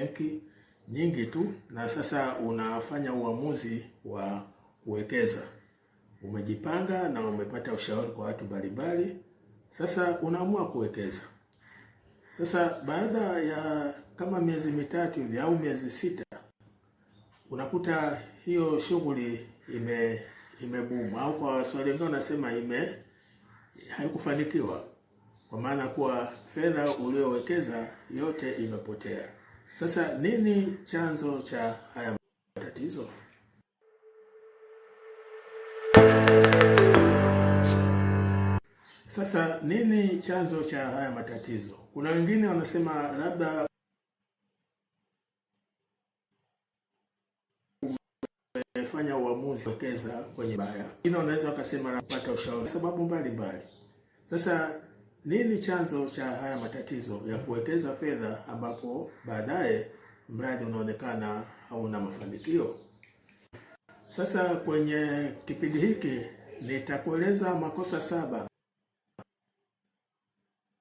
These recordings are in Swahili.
benki nyingi tu, na sasa unafanya uamuzi wa kuwekeza. Umejipanga na umepata ushauri kwa watu mbalimbali, sasa unaamua kuwekeza. Sasa baada ya kama miezi mitatu hivi au miezi sita, unakuta hiyo shughuli ime imebuma au kwa Waswahili wengine wanasema ime haikufanikiwa, kwa maana kuwa fedha uliyowekeza yote imepotea. Sasa nini chanzo cha haya matatizo? Sasa nini chanzo cha haya matatizo? Kuna wengine wanasema labda umefanya uamuzi wekeza kwenye baya, wengine wanaweza wakasema napata ushauri, sababu mbalimbali mbali. Sasa nini chanzo cha haya matatizo ya kuwekeza fedha ambapo baadaye mradi unaonekana hauna mafanikio? Sasa kwenye kipindi hiki nitakueleza makosa saba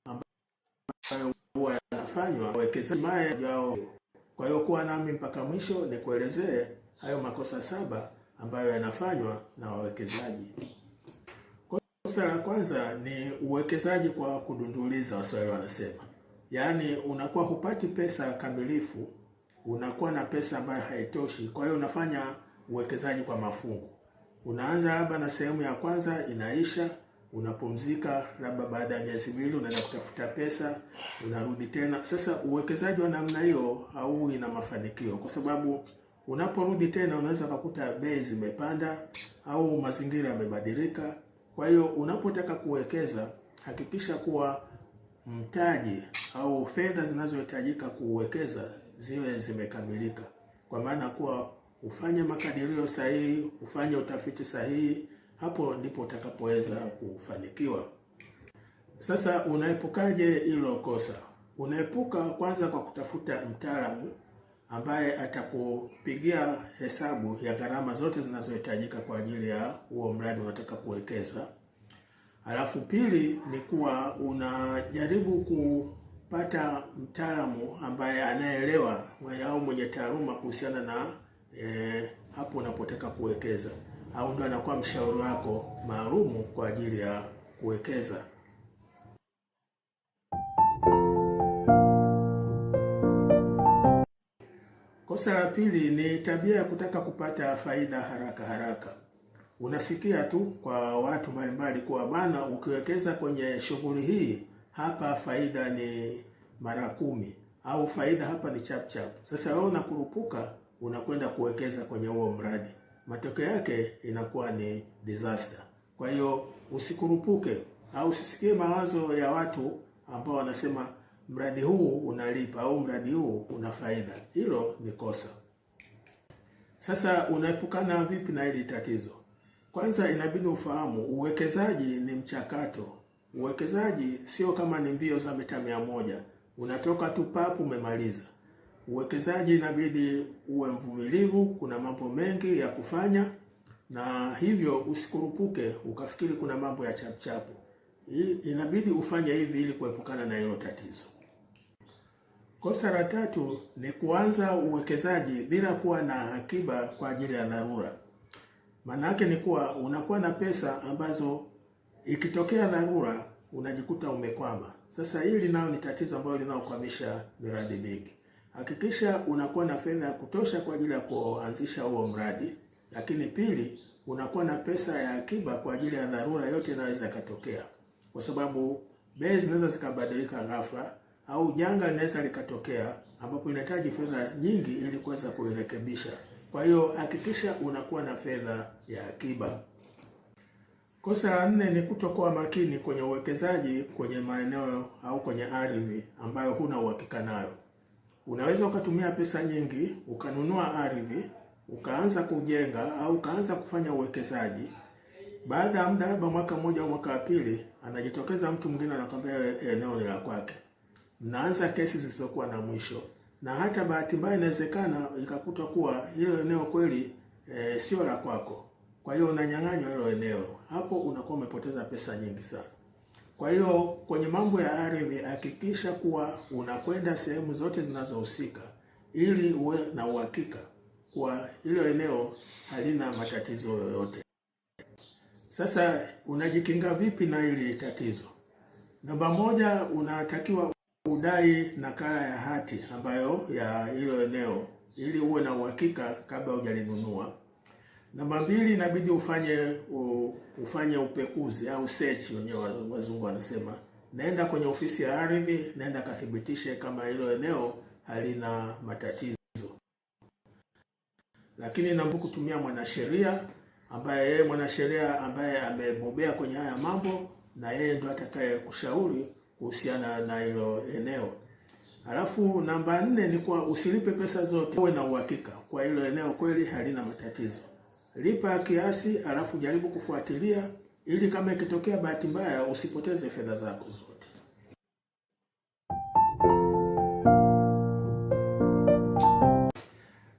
ambayo huwa yanafanywa wawekezaji mae yao. Kwa hiyo kuwa nami mpaka mwisho nikuelezee hayo makosa saba ambayo yanafanywa na wawekezaji. Kosa la kwanza ni uwekezaji kwa kudunduliza, Waswahili wanasema, yaani unakuwa hupati pesa kamilifu, unakuwa na pesa ambayo haitoshi. Kwa hiyo unafanya uwekezaji kwa mafungu, unaanza labda na sehemu ya kwanza, inaisha, unapumzika, labda baada ya miezi miwili unaenda kutafuta pesa, unarudi tena. Sasa uwekezaji wa namna hiyo hauwi na mafanikio, kwa sababu unaporudi tena unaweza kukuta bei zimepanda au mazingira yamebadilika. Kwa hiyo unapotaka kuwekeza, hakikisha kuwa mtaji au fedha zinazohitajika kuwekeza ziwe zimekamilika, kwa maana kuwa ufanye makadirio sahihi, ufanye utafiti sahihi. Hapo ndipo utakapoweza kufanikiwa. Sasa unaepukaje hilo kosa? Unaepuka kwanza kwa kutafuta mtaalamu ambaye atakupigia hesabu ya gharama zote zinazohitajika kwa ajili ya huo mradi unataka kuwekeza. Alafu pili ni kuwa unajaribu kupata mtaalamu ambaye anayeelewa au mwenye taaluma kuhusiana na e, hapo unapotaka kuwekeza, au ndio anakuwa mshauri wako maalumu kwa ajili ya kuwekeza. Kosa la pili ni tabia ya kutaka kupata faida haraka haraka. Unasikia tu kwa watu mbalimbali kuwa bana, ukiwekeza kwenye shughuli hii hapa faida ni mara kumi au faida hapa ni chap chap. Sasa wewe unakurupuka unakwenda kuwekeza kwenye huo mradi, matokeo yake inakuwa ni disaster. Kwa hiyo usikurupuke au usisikie mawazo ya watu ambao wanasema mradi huu unalipa au mradi huu una faida, hilo ni kosa. Sasa unaepukana vipi na hili tatizo? Kwanza inabidi ufahamu uwekezaji ni mchakato. Uwekezaji sio kama ni mbio za mita mia moja, unatoka tu papu umemaliza. Uwekezaji inabidi uwe mvumilivu, kuna mambo mengi ya kufanya, na hivyo usikurupuke ukafikiri kuna mambo ya chapuchapu. Inabidi ufanye hivi ili kuepukana na hilo tatizo. Kosa la tatu ni kuanza uwekezaji bila kuwa na akiba kwa ajili ya dharura. Maana yake ni kuwa unakuwa na pesa ambazo ikitokea dharura unajikuta umekwama. Sasa hili nao ni tatizo ambalo linaokwamisha miradi mingi. Hakikisha unakuwa na fedha ya kutosha kwa ajili ya kuanzisha huo mradi, lakini pili, unakuwa na pesa ya akiba kwa ajili ya dharura yote inaweza ikatokea, kwa sababu bei zinaweza zikabadilika ghafla au janga linaweza likatokea ambapo inahitaji fedha nyingi ili kuweza kuirekebisha. Kwa hiyo hakikisha unakuwa na fedha ya akiba. Kosa la nne ni kutokuwa makini kwenye uwekezaji kwenye maeneo au kwenye ardhi ambayo huna uhakika nayo. Unaweza ukatumia pesa nyingi ukanunua ardhi ukaanza kujenga au ukaanza kufanya uwekezaji. Baada ya muda, labda mwaka mmoja au mwaka wa pili, anajitokeza mtu mwingine anakwambia eh, eneo ni la kwake mnaanza kesi zisizokuwa na mwisho, na hata bahati mbaya inawezekana ikakutwa kuwa hilo eneo kweli e, sio la kwako, kwa hiyo unanyang'anywa hilo eneo. Hapo unakuwa umepoteza pesa nyingi sana. Kwa hiyo kwenye mambo ya ardhi, hakikisha kuwa unakwenda sehemu zote zinazohusika ili uwe na uhakika kuwa hilo eneo halina matatizo yoyote. Sasa unajikinga vipi na hili tatizo? Namba moja, unatakiwa udai nakala ya hati ambayo ya hilo eneo ili uwe na uhakika kabla hujalinunua. Namba mbili, inabidi ufanye u, ufanye upekuzi au search, wenyewe wazungu wanasema. Naenda kwenye ofisi ya ardhi, naenda kathibitishe kama hilo eneo halina matatizo. Lakini namba kutumia mwanasheria ambaye yeye mwanasheria ambaye amebobea kwenye haya mambo, na yeye ndo atakaye kushauri kuhusiana na hilo eneo. Alafu namba nne ni kwa usilipe pesa zote, uwe na uhakika kwa hilo eneo kweli halina matatizo. Lipa kiasi, alafu jaribu kufuatilia ili kama ikitokea bahati mbaya usipoteze fedha zako zote.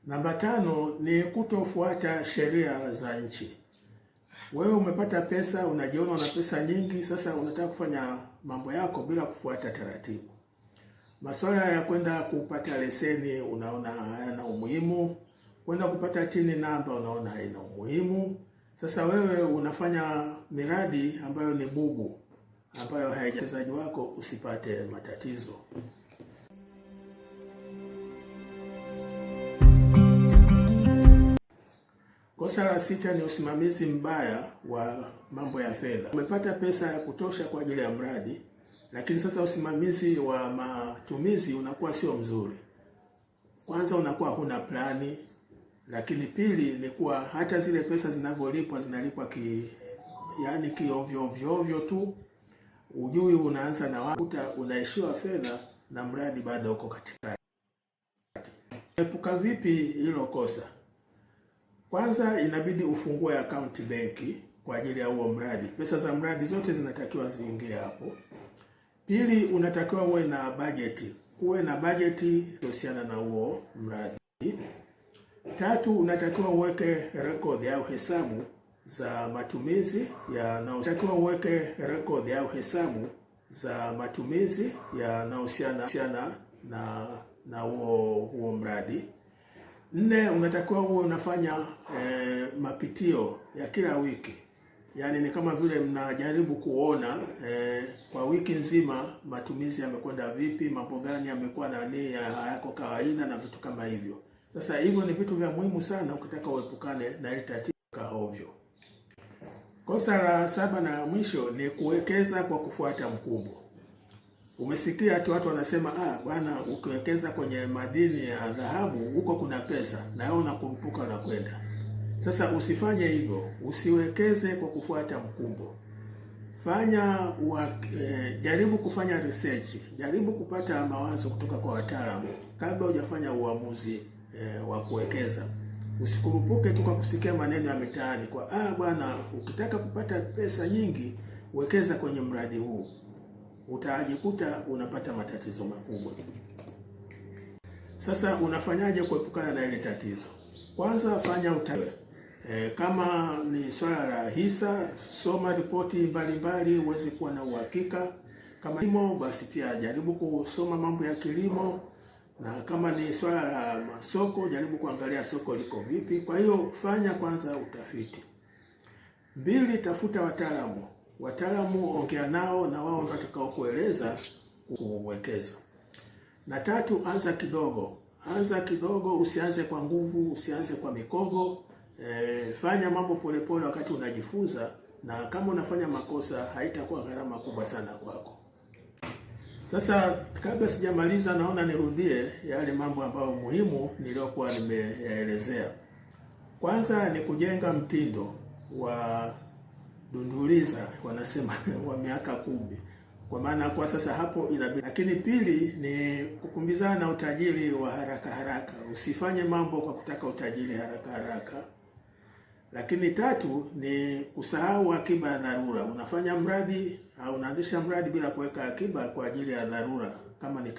Namba tano ni kutofuata sheria za nchi. Wewe umepata pesa, unajiona una pesa nyingi, sasa unataka kufanya mambo yako bila kufuata taratibu. Masuala ya kwenda kupata leseni unaona hayana umuhimu, kwenda kupata tini namba unaona haina umuhimu. Sasa wewe unafanya miradi ambayo ni bubu, ambayo haijawezaji wako usipate matatizo. Kosa la sita ni usimamizi mbaya wa mambo ya fedha. Umepata pesa ya kutosha kwa ajili ya mradi, lakini sasa usimamizi wa matumizi unakuwa sio mzuri. Kwanza unakuwa huna plani, lakini pili ni kuwa hata zile pesa zinavyolipwa zinalipwa ki yani kiovyo ovyo ovyo tu, ujui unaanza na wakuta unaishiwa fedha na mradi bado uko katikati. Epuka vipi hilo kosa? Kwanza inabidi ufungue account benki kwa ajili ya huo mradi. Pesa za mradi zote zinatakiwa ziingie hapo. Pili, unatakiwa uwe na bajeti, uwe na bajeti kuhusiana na huo mradi. Tatu, unatakiwa uweke rekodi au hesabu za matumizi unatakiwa uweke rekodi au hesabu za matumizi yanayohusiana na na huo huo mradi. Nne, unatakiwa uwe unafanya e, mapitio ya kila wiki, yaani ni kama vile mnajaribu kuona e, kwa wiki nzima matumizi yamekwenda vipi, mambo gani yamekuwa nani hayako kawaida na vitu kama hivyo. Sasa hivyo ni vitu vya muhimu sana ukitaka uepukane na ile tatizo ovyo. Kosa la saba na mwisho ni kuwekeza kwa kufuata mkumbo. Umesikia tu watu wanasema ah, bwana, ukiwekeza kwenye madini ya dhahabu huko kuna pesa, na wewe unakurupuka unakwenda. Sasa usifanye hivyo, usiwekeze kwa kufuata mkumbo. Fanya wa, eh, jaribu kufanya research, jaribu kupata mawazo kutoka kwa wataalamu kabla hujafanya uamuzi eh, wa kuwekeza. Usikurupuke tu kwa kusikia maneno ya mitaani kwa ah, bwana, ukitaka kupata pesa nyingi wekeza kwenye mradi huu utajikuta unapata matatizo makubwa. Sasa unafanyaje kuepukana na ile tatizo? Kwanza fanya utafiti. E, kama ni swala la hisa, soma ripoti mbalimbali uweze kuwa na uhakika. Kama kilimo, basi pia jaribu kusoma mambo ya kilimo, na kama ni swala la masoko, jaribu kuangalia soko liko vipi. Kwa hiyo fanya kwanza utafiti. Mbili, tafuta wataalamu. Wataalamu ongea nao, na wao ndio watakaokueleza kuwekeza. Na tatu, anza kidogo, anza kidogo, usianze kwa nguvu, usianze kwa mikogo. E, fanya mambo polepole wakati unajifunza, na kama unafanya makosa haitakuwa gharama kubwa sana kwako. Sasa kabla sijamaliza, naona nirudie yale mambo ambayo muhimu niliyokuwa nimeyaelezea. Kwanza ni kujenga mtindo wa dunduliza wanasema wa miaka kumi, kwa maana kwa sasa hapo inabidi. Lakini pili ni kukumbizana na utajiri wa haraka haraka, usifanye mambo kwa kutaka utajiri haraka haraka. Lakini tatu ni kusahau akiba ya dharura. Unafanya mradi au unaanzisha mradi bila kuweka akiba kwa ajili ya dharura, kama ni